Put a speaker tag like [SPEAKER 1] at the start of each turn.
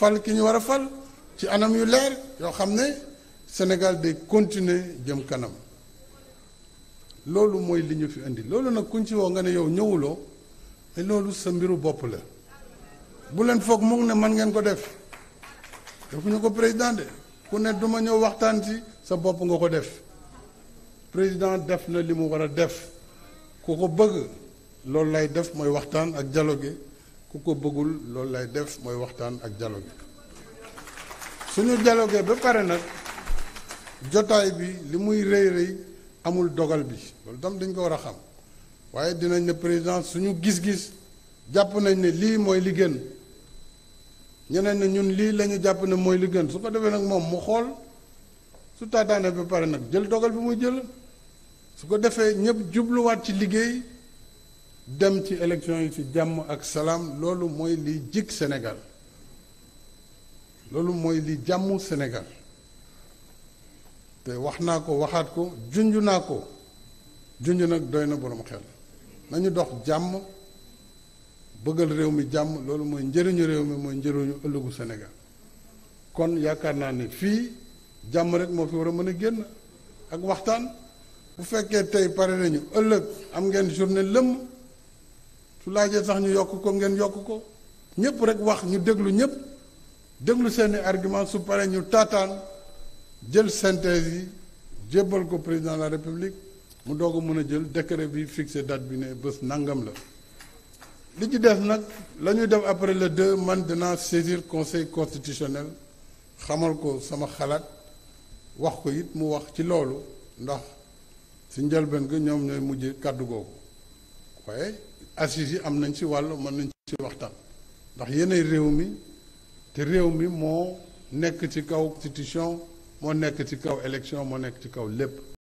[SPEAKER 1] fal ki ñu war a fal ci anam yu leer yoo xam ne Sénégal day continuer jëm kanam loolu mooy li ñu fi indi loolu nag kuñ ci woo nga ne yow ñëwuloo te loolu sa mbiru bopp la bu leen foog mu ne man ngeen ko def defuñu ko président de ku ne duma ñëw waxtaan ci sa bopp nga ko def président def na li mu war a def ku ko bëgg loolu lay def mooy waxtaan ak jalo gi ku ko bëggul loolu lay def mooy waxtaan ak dialogue suñu dialogue ba pare nag jotaay bi li muy rëy rëy amul dogal bi loolu tam dañ ko war a xam waaye dinañ ne président suñu gis-gis jàpp nañ ne lii mooy li gën ñeneen ne ñun lii la jàpp ne mooy li gën su ko defee nag moom mu xool su taataane ba pare nag jël dogal bi muy jël su ko defee ñëpp jubluwaat ci liggéey dem ci élection yi ci jàmm ak salaam loolu mooy lii jig Sénégal loolu mooy lii jàmm Sénégal te wax naa ko waxaat ko junj naa ko junj nag doy na boroomu xel nañu dox jàmm bëggal réew mi jàmm loolu mooy njëriñu réew mi mooy njëriñu ëllëgu Sénégal kon yaakaar naa ni fii jàmm rek moo fi war a mën a génn ak waxtaan bu fekkee tey pare nañu ëllëg am ngeen journée lëmm su laajee sax ñu yokk ko ngeen yokk ko ñëpp rek wax ñu déglu ñëpp déglu seeni argument su paree ñu taataan jël synthèse yi jébbal ko président la république mu doo ko mën a jël décret bi fixe date bi ne bés nangam la li ci des nag la ñuy def après le deux man dinaa saisir conseil constitutionnel xamal ko sama xalaat wax ko it mu wax ci loolu ndax si njëlbeen ga ñoom ñooy mujj kàddu googu waaye assises yi am nañ ci wàll mën nañ ci waxtaan ndax yeneen réew mi te réew mi moo nekk ci kaw constitution moo nekk ci kaw élection moo nekk ci kaw lépp